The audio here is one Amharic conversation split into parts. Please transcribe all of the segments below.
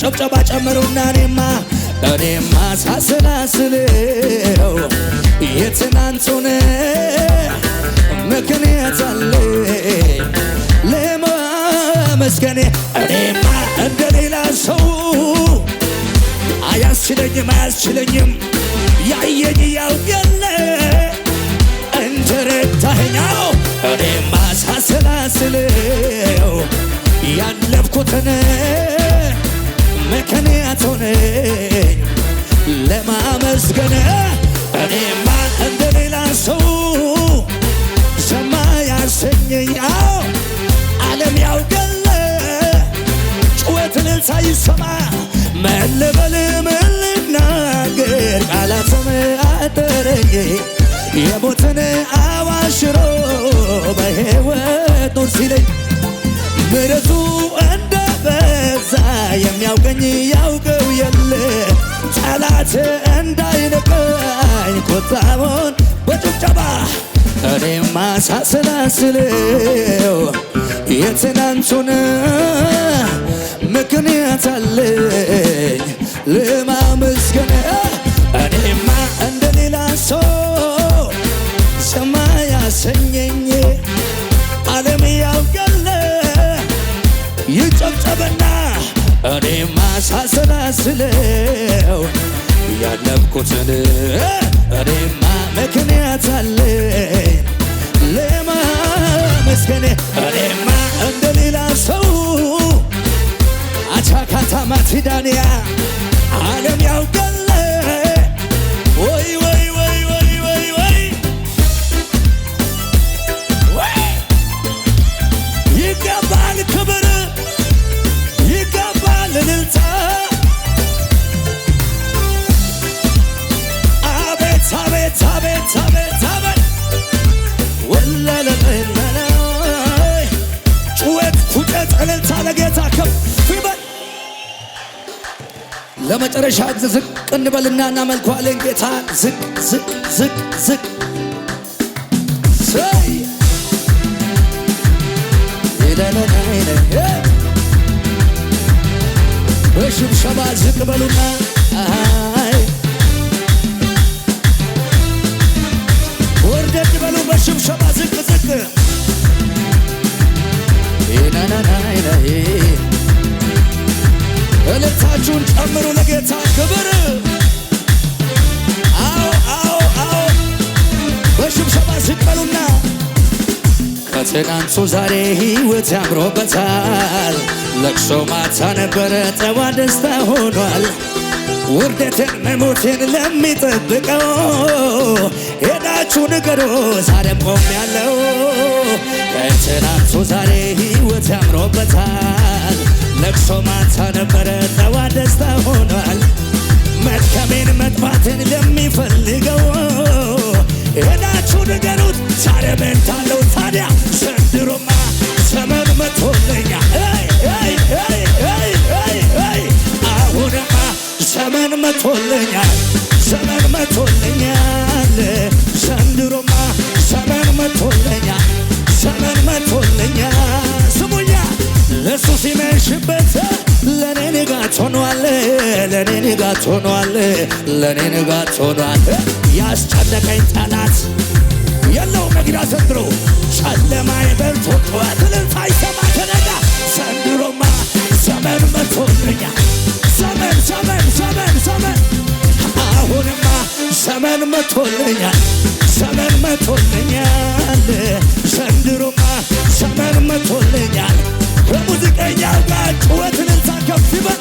ጨብጨባ ጨምሩና እኔማ እኔማ ሳሰላስለው የትናንቱን ምክንያት አለ ለማመስገኔ እኔማ እንደሌላ ሰው አያስችለኝም አያስችለኝም ያየኝ ያውያለ እንደረታኸኛው እኔማ ሳሰላስለው ያለፍኩትን ምክንያት ሆነኝ ለማመስገን እኔማ እንደሌላ ሰው ሰማ ያሰኘኝ አዎ ዓለም ያውገለ ጩኸት ልልታ ይሰማ ምን ልበል ምን ቃላት አጠረኝ የሞትን አዋ ማሳሰላስለው የትናንቱን ምክንያት አለኝ ለማመስገን እኔማ እንደ ሌላ ሰው ሰማ ያሰኘኝ ዓለም ያውቃል ይጨብጨብና እኔ ማሳሰላስለው ያለፍኩትን እኔማ ምክንያት አለኝ ምስገኔ እኔማ እንደ ሰው አቻካታ ማቲዳንያ ለመጨረሻ ጊዜ ዝቅ እንበልና እናመልከዋለን። ጌታ ዝቅ ዝቅ ዝቅ ዝቅ በሽብሸባ ዝቅ በሉና ወርደድ በሉ በሽብሸባ ዝቅ ዝቅ እልልታችሁን ጨምሩ ለጌታ ክብር። አዎ አዎ አዎ በሽብሸባ ሲቀሉና ከትናንቱ ዛሬ ሕይወት ያምሮበታል። ለቅሶ ማታ ነበረ ጠዋ ደስታ ሆኗል። ውርደትን መሞቴን ለሚጠብቀው ሄዳችሁ ንገሩ ዛሬም ቆም ያለው ከትናንቱ ዛሬ ህይወት ያምሮበታል ለቅሶ ማንሳ ነበረ ነዋ ደስታ ሆኗል። መድከሜን መጥፋትን ለሚፈልገው ሄዳችሁ ንገሩት ዛሬ ምን ታዲያ ዘንድሮማ ዘመን መቶለኛ አሁንማ ዘመን መቶለኛ ዘመን መቶለኛል ዘንድሮማ ዘመን መቶለኛ ዘመን መቶለኛ ስሙኛ እሱ ሲመ ያለሽበት ለኔ ንጋት ሆኗል፣ ለኔ ንጋት ሆኗል፣ ለኔ ንጋት ሆኗል። ያስጨነቀኝ ጠላት የለው መግቢያ ዘንድሮ ጨለማዬ በርቶ እልልታ ይሰማ ተነጋ ዘንድሮማ ዘመን መቶኛ ዘመን ዘመን ዘመን ዘመን አሁንማ ዘመን መቶልኛል ዘመን መቶልኛል ዘንድሮማ ዘመን መቶልኛል ከሙዚቀኛ ጋር ጩኸት ንንሳ ከፍ ይበል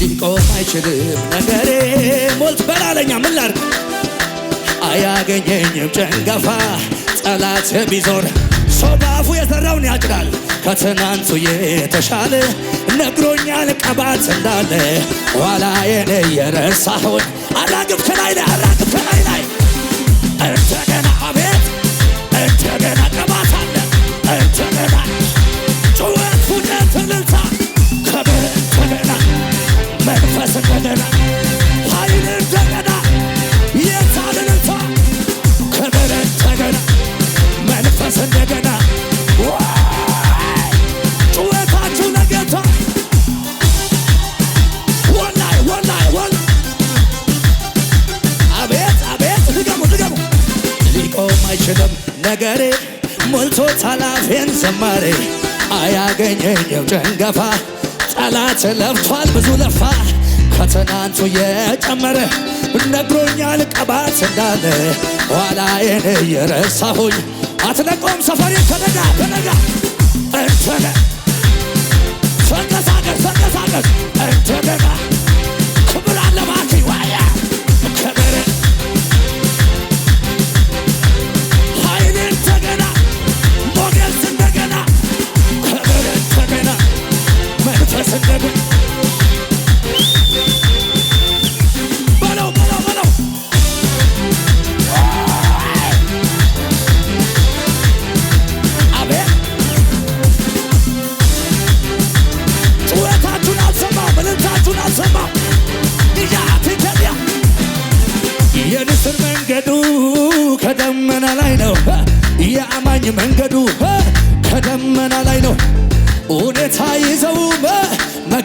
ሊቆም አይችልም ነገሬ ሞልት በላለኛ ምን ላድርግ አያገኘኝም ጨንገፋ ጠላት ቢዞር ሰው በአፉ የዘራውን ያጭዳል። ከትናንቱ የተሻለ ነግሮኛል ቀባት እንዳለ ኋላ የኔ የረሳሁን አራግፍ ከላይ ላይ ከንፈሬ ሞልቶታል አፌን ዝማሬ አያገኘኝም ጭንገፋ ጠላት ለፍቷል ብዙ ለፋ ከትናንቱ የጨመረ ነግሮኛል ቅባት እንዳለ ኋላዬን እየረሳሁኝ አትለቆም ሰፈሬ ተነጋ ተነጋ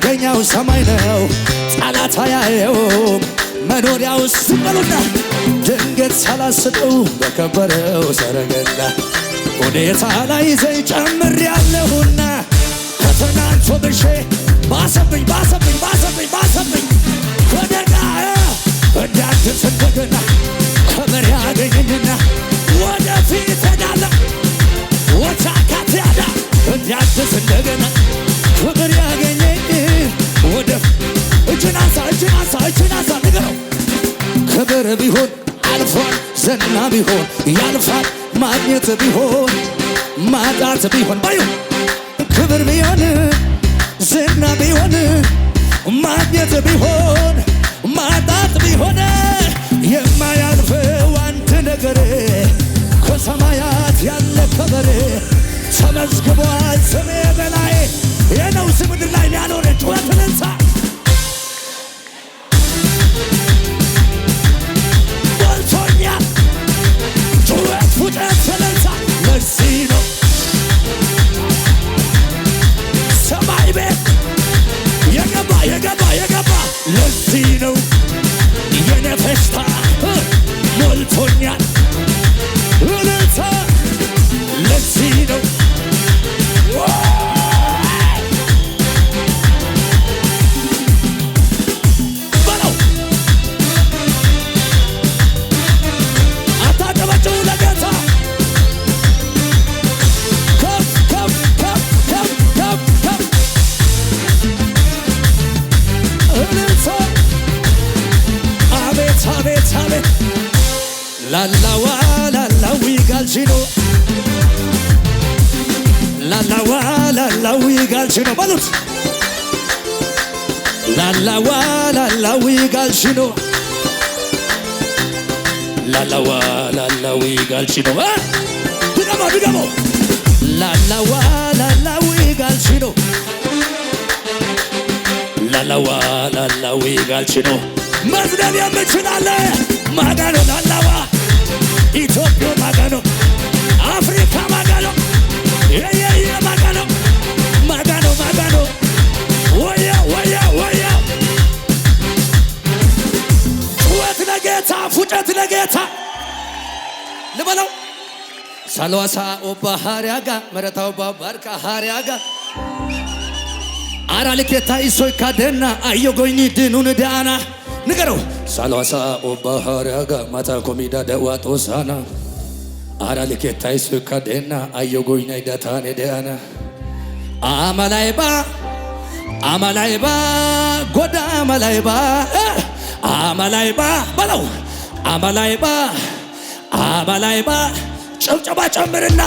መገኛው ሰማይ ነው፣ ጠላት አያየውም። መኖሪያው ዝም ድንገት ሳላስጠው በከበረው ሰረገላ ሁኔታ ላይ ዘይ ጨምር ያለሁና ከትናንት ወብሼ ባሰብኝ ባሰብኝ ባሰብኝ ባሰብኝ ወደ ጋራ እንዳንድ ከበር ያገኝና ቢሆን አልፏል፣ ዝና ቢሆን ያልፋል፣ ማግኘት ቢሆን ማጣት ቢሆን ባዩ ክብር ቢሆን ዝና ቢሆን ማግኘት ቢሆን በሉት ላላዋ ላላዊ ጋልሽኖ ላላዋ ላላዊ ጋልሽኖ ድገሞ ድገሞ ላላዋ ላላዊ ጋልሽኖ ላላዋ ላላዊ ጋልሽኖ መዝደል የምችላለ ማዳኖ ላላዋ ኢትዮጵያ ማዳኖ አፍሪካ ውጨት ለጌታ ልበለው ሳልዋሳ ኦባ ሃሪያ ጋ መረታ ኦባ ባርካ ሃሪያጋ አራ ልኬታ ኢሶይ ካደና አየጎኝ ድኑን ዳና ንገረው ሳልዋሳ ኦባ ሃሪያ ጋ ማታ ኮሚዳ ደዋ ጦሳና አራ ልኬታ ኢሶይ ካደና አየጎኝ አይዳታኔ ዳና አመላይባ አመላይባ ጎዳ አመላይባ አመላይባ በለው አባላይባ አባላይባ ጭብጨባ ጨምርና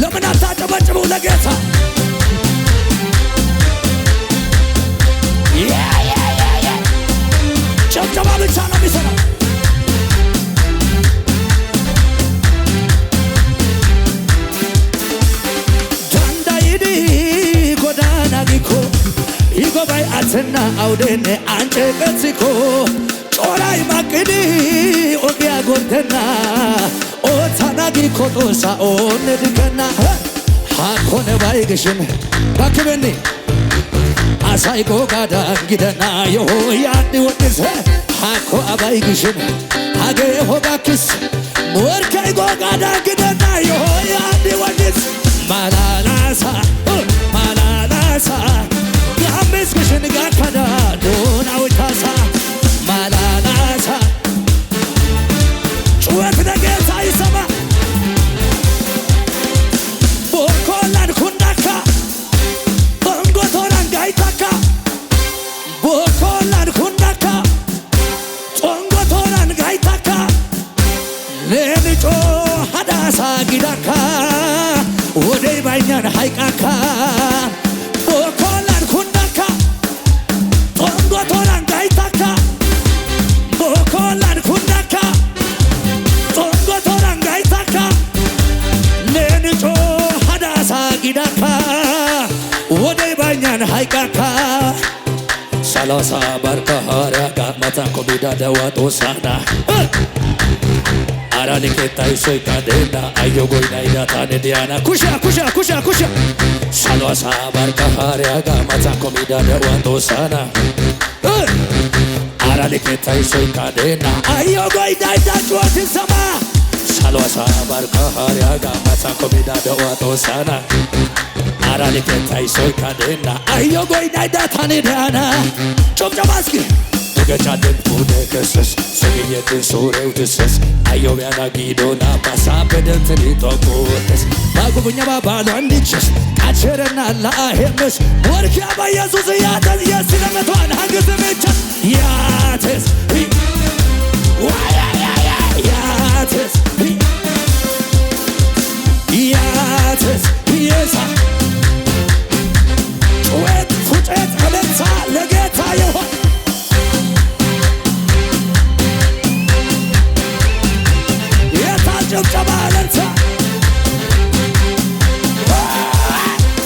ለምን አታጨበጭቡ ነገ ቡድን አንጨ ቀንሲኮ ጮላይ ማቅኒ ኦግያ ጎርተና ኦታናጊ ኮጦሳ ኦን ሃኮነ ባይግሽን ባክበኒ አሳይቆ ጋዳ ጊደና የሆ ያንድ ወድሰ ሃኮ አባይግሽን አገ ሆጋክስ ሞርከይጎ ጋዳ ጊደና የሆ ያንድ ወድስ ማላላ ንንጮ ሀዳሳ ጊዳካ ወደይ ባኛን ሐይቃካ ሞኮላን ኩናካ ጦንዶ ቶላን ጋይታካ ሞኮላን ኩናካ ጦንዶ ቶላን ጋይታካ ንንጮ ሀዳሳ ጊዳካ ወደይ ባኛን ሐይቃካ ሰላሳ ባርካ ሐርያ ጋር መታ ኮቢዳ ደዋጦ ሳና Ara niketa isoi kadena Aio goina iratan ediana Kusha, kusha, kusha, kusha Salo asa barka hareaga Matza komida deuan dozana Ara niketa isoi kadena Aio goina iratuat izama Salo asa barka hareaga Matza komida deuan dozana Ara niketa isoi kadena Aio goina iratan ediana Chomcha maski ገቻደን ሆነ ከሰስ ሰገኘትን ሶሬው ትሰስ አዮቢያና ጊዶና ባሳ በደንትን ይጠቆተስ ማጉብኛባ ባሉ አንድችስ ቃቸረና ላአሄምስ ወርኪያባ ኢየሱስ ያተስ የስለመቷን ሀግዝምችስ ያተስ